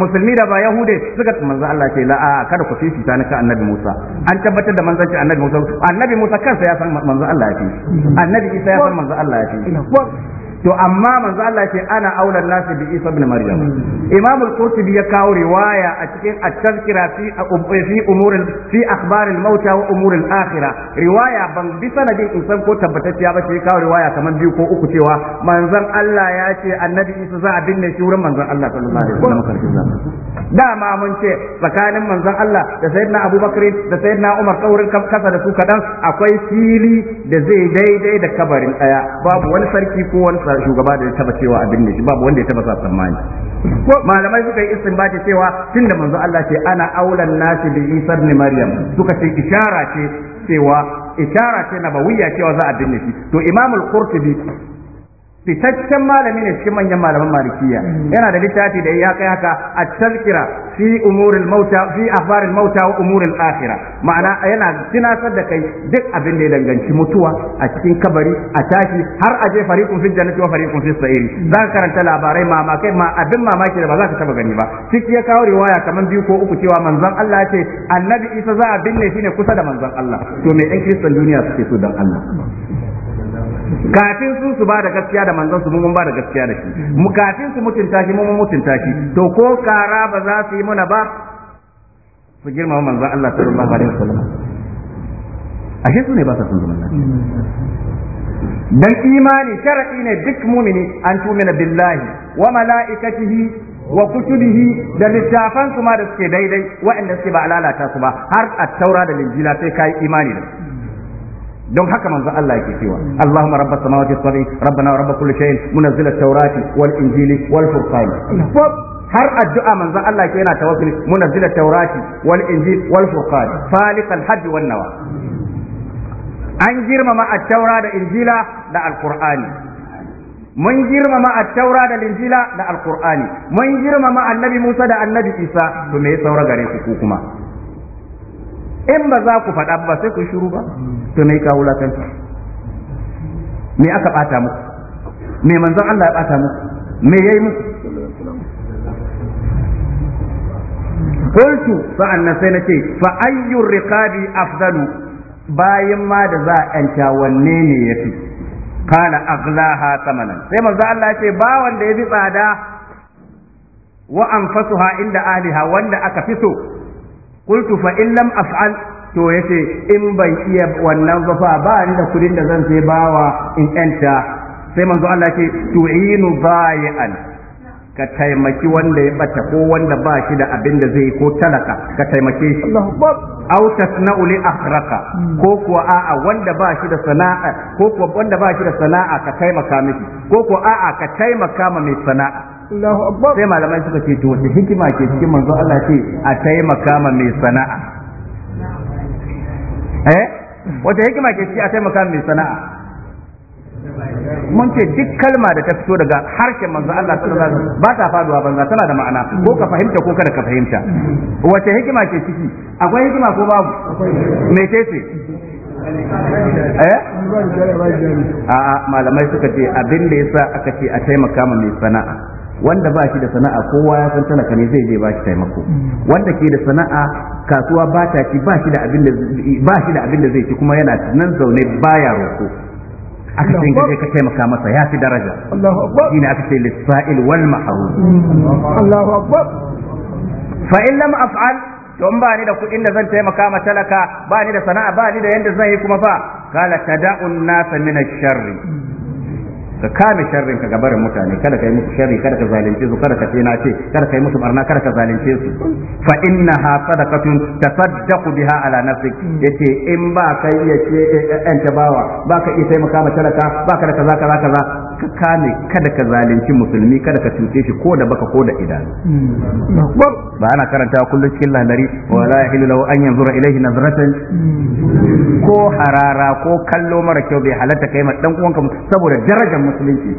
musulmi da ba yahude suka manzo Allah ce la kada ku fifita na ka annabi Musa an tabbatar da manzanci annabi Musa annabi Musa kansa ya san manzo Allah ya annabi Isa ya san manzo Allah ya to amma manzo Allah ce ana aula nasi bi Isa ibn Maryam Imam al-Qurtubi ya kawo riwaya a cikin at-tazkira fi um, fi umur fi akhbar al-maut wa umur al-akhirah riwaya ban bi sanadin san ko tabbatacciya ba ce kawo riwaya kaman biyu ko uku cewa manzon Allah ya ce annabi Isa za a binne shi wurin manzon Allah sallallahu alaihi wasallam da ma mun ce tsakanin manzon Allah da sayyidina Abubakar da sayyidina Umar kaurin kasa da su kadan akwai fili da zai daidai da kabarin daya babu wani sarki ko wani shugaba da ya taba cewa abin ne shi babu wanda ya taba sa tsammani malamai suka yi istinbati cewa tunda manzo Allah ce ana aulan nasi bi Isa ibn Maryam suka ce ishara ce cewa ishara ce nabawiyya cewa za a binne shi to Imam al-Qurtubi fitaccen malami ne cikin manyan malaman malikiya yana da littafi da ya kai haka a tazkira fi umuril mauta fi akhbaril mauta wa umuril akhirah ma'ana yana tunasar da kai duk abin da ya danganci mutuwa a cikin kabari a tashi har aje fariqun fi jannati wa fariqun fi sa'iri za ka karanta labarai mamakai ma abin mamaki da ba za ka taba gani ba ciki ya kawo riwaya kaman biyu ko uku cewa manzon Allah ya ce annabi Isa za a binne shi kusa da manzon Allah to me ɗan kristan duniya suke so dan Allah kafin su su ba da gaskiya da manzon su mun ba da gaskiya da shi mu kafin su mutunta shi mun mutunta shi to ko kara ba za su yi muna ba su girma manzon Allah sallallahu alaihi wasallam ashe su ne ba sa son zaman dan imani sharadi ne duk mumini an tumina billahi wa mala'ikatihi wa kutubihi da littafan su ma da suke daidai waɗanda suke ba lalata su ba har a taura da linjila sai kai imani da su don haka manzo Allah yake cewa Allahumma rabbas samawati sabi rabbana rabb kulli shay'in munazzil at-taurati wal har addu'a manzo Allah ke yana tawakkuli munazzil at-taurati wal injil wal furqan faliq al-hajj nawa an girmama at-taura da injila da al-qur'ani mun girmama at-taura da injila da al-qur'ani mun girmama annabi Musa da annabi Isa to me saura gare ku kuma in ba za ku faɗa ba sai ku shiru ba to me ka latanta, me aka bata muku me manzon Allah ya bata muku me yayi muku sa'an sa'annan sai nace fa ayyu riqabi afdalu bayan ma da za a yanta wanne ne yafi kana aghlaha samanan sai manzon Allah ya ce ba wanda ya fi tsada wa anfasuha inda ahliha wanda aka fi so qultu fa in lam af'al to yace in ban iya wannan ba fa ba ni da kudin da zan sai bawa in enta sai manzo Allah ce tu'inu bayan ka taimaki wanda ya bata ko wanda ba shi da abin da zai ko talaka ka taimake shi aw tasna'u li akhraka ko kuwa a'a wanda ba shi da sana'a ko kuwa wanda ba shi da sana'a ka taimaka miki ko kuwa a'a ka taimaka ma mai sana'a sai malamai suka ce to wace hikima ke cikin manzo Allah ce a taimaka ma mai sana'a eh wace hikima ke cikin a taimaka ma mai sana'a mun ce duk kalma da ta fito daga harshen manzo Allah sallallahu alaihi wasallam ba ta faduwa banza tana da ma'ana ko ka fahimta ko kada ka fahimta wace hikima ke ciki akwai hikima ko babu me ke ce eh? a'a malamai suka ce abin da yasa aka ce a taimaka ma mai sana'a wanda ba shi da sana'a kowa ya san talaka ne zai je ba shi taimako wanda ke da sana'a kasuwa ba ta ci ba shi da abin da ba shi da abin da zai ci kuma yana nan zaune baya roko aka ce ga ka taimaka masa ya fi daraja shine aka ce lisa'il wal mahrum Allahu akbar fa in lam af'al to ba ni da kuɗin da zan taimaka ma talaka ba ni da sana'a ba ni da yanda zan yi kuma fa kala tada'un nasa min ash-sharri ka kame sharrin ka gabarin mutane kada ka yi musu sharri kada ka zalunce su kada ka ce na ce kada ka yi musu barna kada ka zalunce su fa ha sadaqatun tasaddaqu biha ala nafsik yace in ba ka iya ce ɗan eh, eh, eh, ta bawa ba ka iya taimaka ma talaka ba ka da kaza kaza kaza ka kame kada ka zalunci musulmi kada ka cuce shi ko da baka ko da idanu ba ana karantawa kullum cikin lalari wala yahilu lahu an yanzura ilayhi nazratan ko harara ko kallo mara kyau bai halatta kai ma dan uwanka saboda darajar musulunci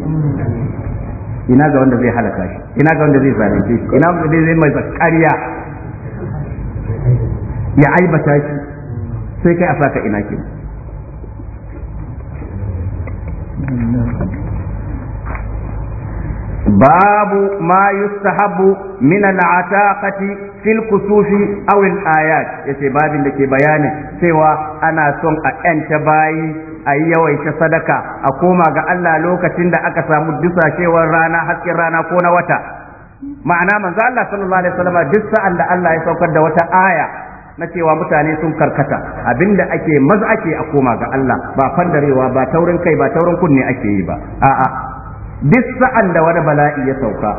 ina ga wanda zai halaka shi ina ga wanda zai zalunce shi ina ga wanda zai mai zakariya ya aibata shi sai kai a saka ina ke باب ما يستحب من العتاقة في الكسوف أو الآيات يتي باب لك بيانه سوى أنا سمع أنت باي a yi yawaita sadaka a koma ga Allah lokacin da aka samu dusashewar rana hasken rana ko na wata ma'ana manzo Allah sallallahu alaihi duk sa'an da Allah ya saukar da wata aya na cewa mutane sun karkata abinda ake masa ake a koma ga Allah ba fandarewa ba taurin kai ba taurin kunne ake yi ba a'a duk sa'an da wani bala'i ya sauka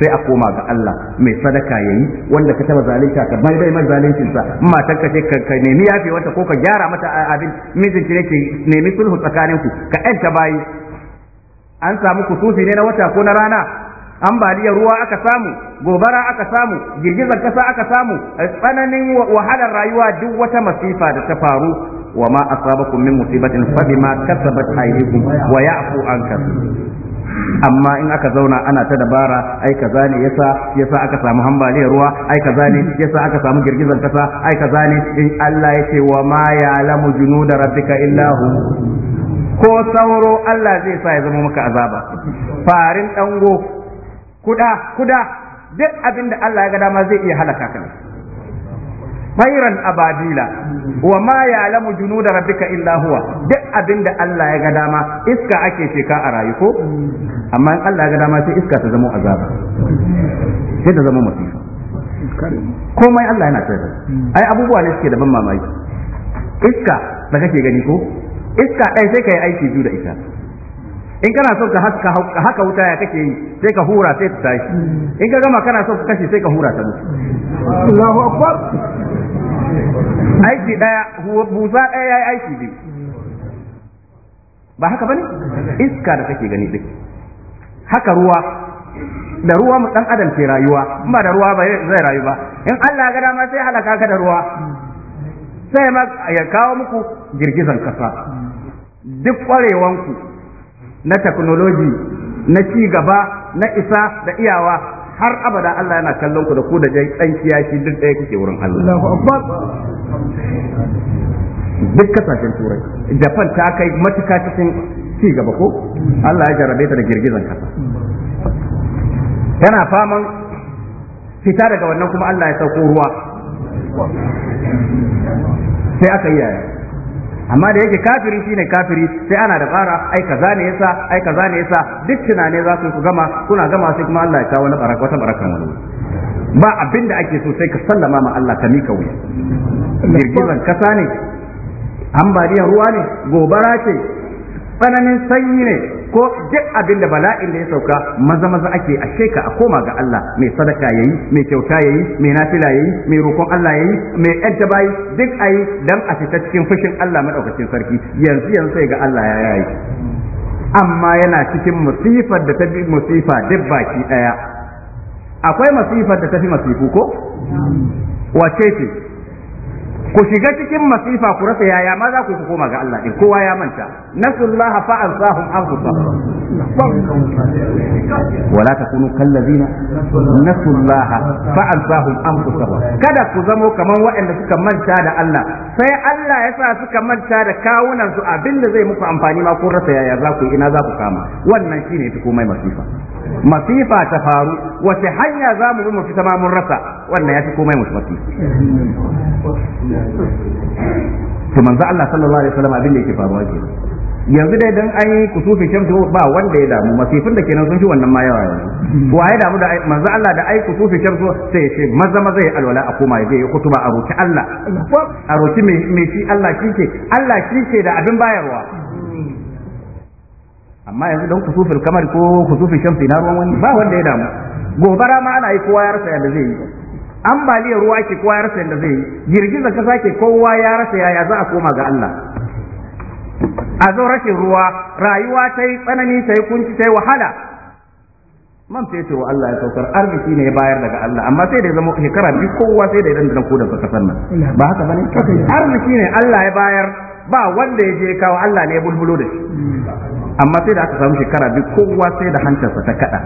sai a koma ga Allah mai sadaka yayi wanda ka taba zalunta ka bai bai zalincin sa matar ka ce ka nemi yafe wata ko ka gyara mata abin mijin ki yake nemi sulhu tsakanin ku ka ta bayi an samu kusufi ne na wata ko na rana ambaliyar ruwa aka samu gobara aka samu girgizar kasa aka samu tsananin wahalar rayuwa duk wata masifa da ta faru wa ma asabakum min musibatin fa bima kasabat aydikum wa ya'fu an amma in aka zauna ana ta dabara ai kaza ne yasa yasa aka samu hambaliyar ruwa ai kaza ne yasa aka samu girgizar kasa ai kaza ne in Allah ya ce wa ma lamu junuda rabbika illa hu ko sauro Allah zai sa ya zama maka azaba farin dango kuda kuda duk abin da Allah ya ga dama zai iya halaka ka Fairan abadila wa ma ya'lamu junuda rabbika illa huwa duk abinda Allah ya ga dama iska ake sheka a rayu ko amma in Allah ya ga dama sai iska ta zama azaba sai ta zama masifa komai Allah yana tsare ai abubuwa ne suke da ban mamaki iska da kake gani ko iska ɗaya sai kai aiki biyu da ita in kana so ka haka wuta ya kake yi sai ka hura sai ta tashi in ka gama kana so ka kashe sai ka hura ta mutu Allahu akbar aiki daya busa daya yayi aiki biyu ba haka bane iska da kake gani duk haka ruwa da ruwa mu dan adam ke rayuwa in ba da ruwa ba zai rayu ba in Allah ga dama sai halaka ka da ruwa sai ma ya kawo muku girgizan kasa duk kwarewanku na technology na ci gaba na isa da iyawa har abada Allah yana kallon ku da ku da ɗan kiyashi duk ɗaya kuke wurin Allah duk kasashen turai japan ta kai matuka cikin ci gaba ko Allah ya jarabe ta da girgizan kasa Yana faman fita daga wannan kuma Allah ya sauko ruwa sai aka yi yaya amma da yake kafiri shine kafiri sai ana da fara ai kaza ne yasa ai kaza ne yasa duk tunane za ku gama kuna gama sai kuma Allah ya ta wani baraka wata baraka wani ba abin da ake so sai ka sallama ma Allah ka mika wuya girgizan kasa ne ambaliyar ruwa ne gobara ce tsananin sanyi ne ko duk abin da bala'in da ya sauka maza maza ake a sheka a koma ga Allah mai sadaka yayi mai kyauta yayi mai nafila yayi mai roƙon Allah yayi mai yadda bayi duk ayi dan a fita cikin fushin Allah madaukakin sarki yanzu yanzu sai ga Allah ya yayi amma yana cikin musifar da ta bi musifa duk baki daya akwai masifar da ta fi masifu ko wace ce ku shiga cikin masifa ku rasa yaya ma za ku ku koma ga Allah din kowa ya manta nasullaha fa ansahum anfusahum wala takunu kallazina nasullaha fa ansahum anfusahum kada ku zamo kaman waɗanda suka manta da Allah sai Allah ya sa suka manta da kawunan su abinda zai muku amfani ma ku rasa yaya za ku ina za ku kama wannan shine fi komai masifa masifa ta faru wace hanya za mu bi mu fita ma mun rasa wannan ya fi komai mu musbati to manzo Allah sallallahu alaihi wasallam abin da yake faruwa ke yanzu dai dan ai kusufi shamsu ba wanda ya damu masifin da kenan sun fi wannan ma yawa yanzu wa ya damu da manzo Allah da ai kusufi shamsu sai ce maza maza ya alwala a koma ya kutuba a roki Allah a roki me me shi Allah ke. Allah ke da abin bayarwa amma yanzu don kusufin kamar ko kusufin shan na ruwan wani ba wanda ya damu gobara ma ana yi kowa ya rasa yadda zai yi ambaliyar ruwa ke kowa ya rasa yadda zai yi girgizar kasa ke kowa ya rasa yaya za a koma ga Allah a zo rashin ruwa rayuwa ta yi tsanani ta yi kunci ta yi wahala man fetur Allah ya saukar arziki ne ya bayar daga Allah amma sai da ya zama shekara biyu kowa sai da ya dandana ko da kasar nan ba haka bane arziki ne Allah ya bayar ba wanda ya je kawo Allah ne ya bulbulo da shi hmm. amma sai da aka samu shekara biyu kowa sai da hantarsa ta kada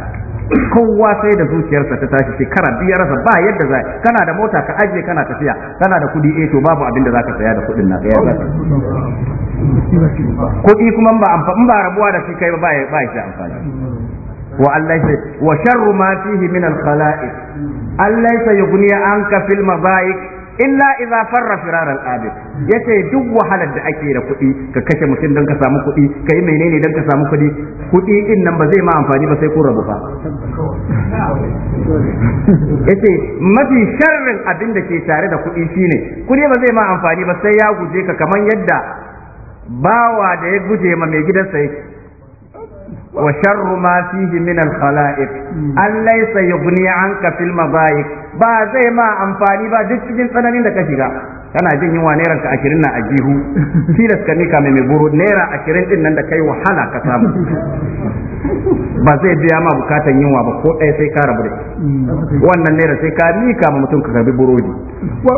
kowa sai da zuciyarsa ta tashi shekara biyu ya rasa ba yadda za kana da mota ka ajiye kana tafiya kana da kudi eh to babu abin da zaka saya da kudin na ya zaka kudi kuma ba in ba rabuwa da shi kai ba ba shi amfani wa Allah sai wa sharru ma fihi min al khalaiq Allah sai yughni anka fil mabaik illa iza farra firar al-abid yace duk wahalar da ake da kuɗi ka kashe mutum don ka samu kuɗi ka menene don ka samu kuɗi kuɗi din nan ba zai ma amfani ba sai kun rabu fa yace mafi sharrin abin da ke tare da kuɗi shine kuɗi ba zai ma amfani ba sai ya guje ka kamar yadda bawa da ya guje ma mai gidansa wa sharru ma fihi min al hmm. an laysa yughni 'anka fil mabayik ba zai ma amfani ba duk cikin tsananin da ka shiga kana jin yunwa naira ka ashirin na a jihu tilas ka nika mai mai buru naira ashirin din nan da kai wahala ka samu ba zai biya ma bukatan yunwa ba ko ɗaya sai ka rabu da wannan naira sai ka nika ma mutum ka karbi burodi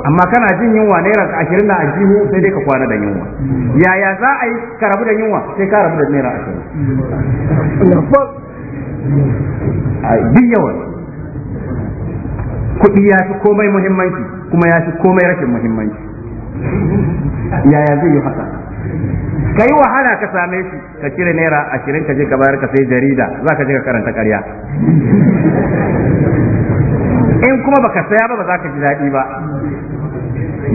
amma kana jin yunwa naira ka ashirin na a jihu sai dai ka kwana da yunwa yaya za a yi ka rabu da yunwa sai ka rabu da naira ashirin duk yawan kuɗi ya fi komai muhimmanci kuma ya fi komai rashin muhimmanci yaya zai yi haka kai wahala ka same shi ka cire naira ashirin ka je ka bayar ka sai jarida za ka je ka karanta karya in kuma baka saya ba ba za ka ji daɗi ba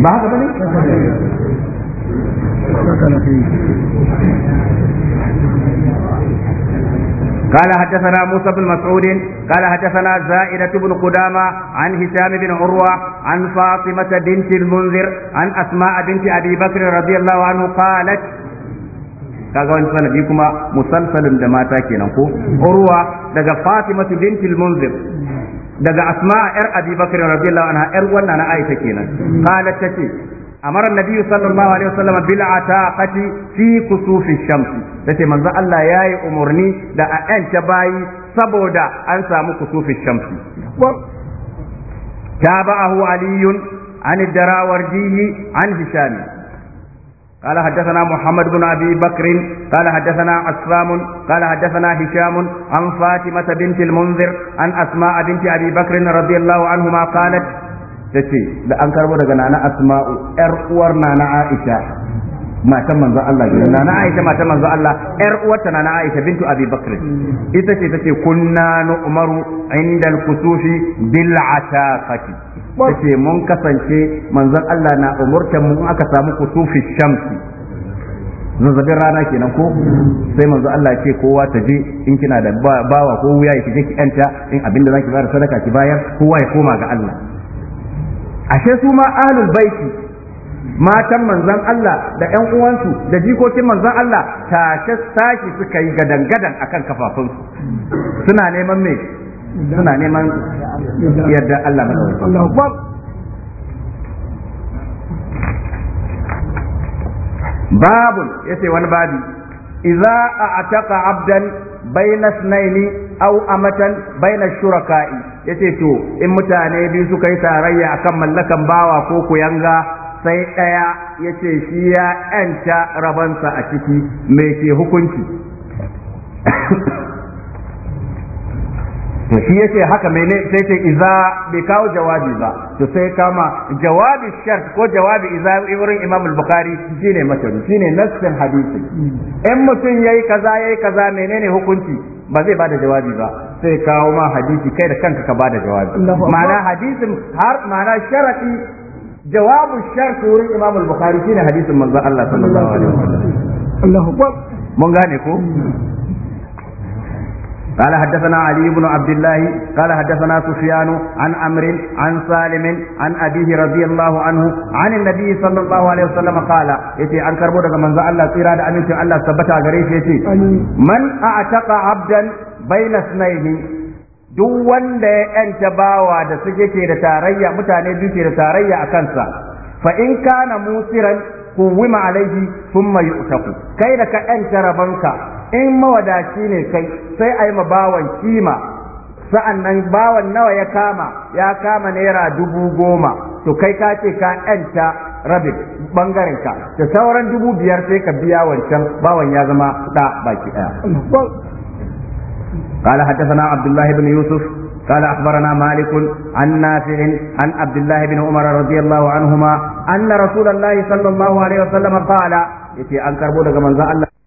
ba haka ba ne قال حدثنا موسى بن مسعود قال حدثنا زائدة بن قدامة عن هشام بن عروة عن فاطمة بنت المنذر عن أسماء بنت أبي بكر رضي الله عنه قالت kaga wani sanadi kuma musalsalin da mata kenan ko urwa daga Fatima binti al-Munzir daga Asma yar Abi Bakr radiyallahu anha ƴar wannan na Aisha kenan qalat tace Amarannan biyu sallallahu alaihi wa sallama bil'a'a ta kati si ku sufi shamsi. Saisai, mansa Allah yayi yi umarni da a'yancan ba yi saboda an samu kusufi shamsi. Ta ba a huwa Aliyun, an dara warjihi an hishami. Kala haddasa Muhammad bin Abi Bakrin, kala haddasa na Asma'mun, kala haddasa an fashi masa bin Kilimun an asma abinci Abi Bakrin rabil'ahu an huma tace da an karbo daga nana asma'u yar uwar nana aisha matan manzo Allah ke nana aisha matan manzo Allah yar ta nana aisha bintu abi bakr ita ce tace kunna nu'maru inda al-kusufi bil ataqati tace mun kasance manzon Allah na umurtan mu aka samu kusufi shamsi zazzabin rana kenan ko sai manzo Allah ce kowa ta je in kina da bawa ko wuya ya je ki yanta in abinda zaki bayar sadaka ki bayar kowa ya koma ga Allah ashe su ma ahlul baiti matan manzon Allah da ƴan uwansu da jikokin manzon Allah tashe tashi suka yi gadangadan gadan akan kafafunsu suna neman me suna neman yadda Allah madawwacin babun yace wani babi idza a'taqa abdan bayna snaini aw amatan bayna shuraka'i yace to in mutane biyu suka yi tarayya akan mallakan bawa ko kuyanga sai ɗaya yace shi ya ‘yanta rabansa a ciki me ke hukunci to shi yake haka mene sai ce iza bai kawo jawabi ba to sai kama jawabi shart ko jawabi iza ibrahim imam al-bukhari shine matan shine nassin hadisi in mutum yayi kaza yayi kaza menene hukunci ba zai bada jawabi ba sai kawo ma hadisi kai da kanka ka bada jawabi ma'ana hadisin har ma'ana sharati jawabu shart wurin imam al-bukhari shine hadisin manzo Allah sallallahu alaihi wasallam Allahu akbar mun gane ko قال حدثنا علي بن عبد الله قال حدثنا سفيان عن امر عن سالم عن أبيه رضي الله عنه عن النبي صلى الله عليه وسلم قال يتي عن كربو دغ منزا الله تيرا دا امين الله ثبتا غريش يتي من اعتق عبدا بين اثنين duk wanda ya yanta bawa da suke ke da tarayya mutane biyu ke da tarayya a kansa fa in kana musiran kuwima alaihi thumma yu'taqu kai da ka yanta rabanka in mawadaci ne kai sai a yi ma bawan kima sa'an nan bawan nawa ya kama ya kama naira dubu goma to kai ka ce ka ‘yanta rabin bangaren ka da sauran dubu biyar sai ka biya wancan bawan ya zama da baki daya قال حدثنا عبد الله بن يوسف قال أخبرنا مالك عن نافع عن عبد الله بن عمر رضي الله عنهما أن رسول الله صلى الله عليه وسلم قال يتي أنكر بودك من الله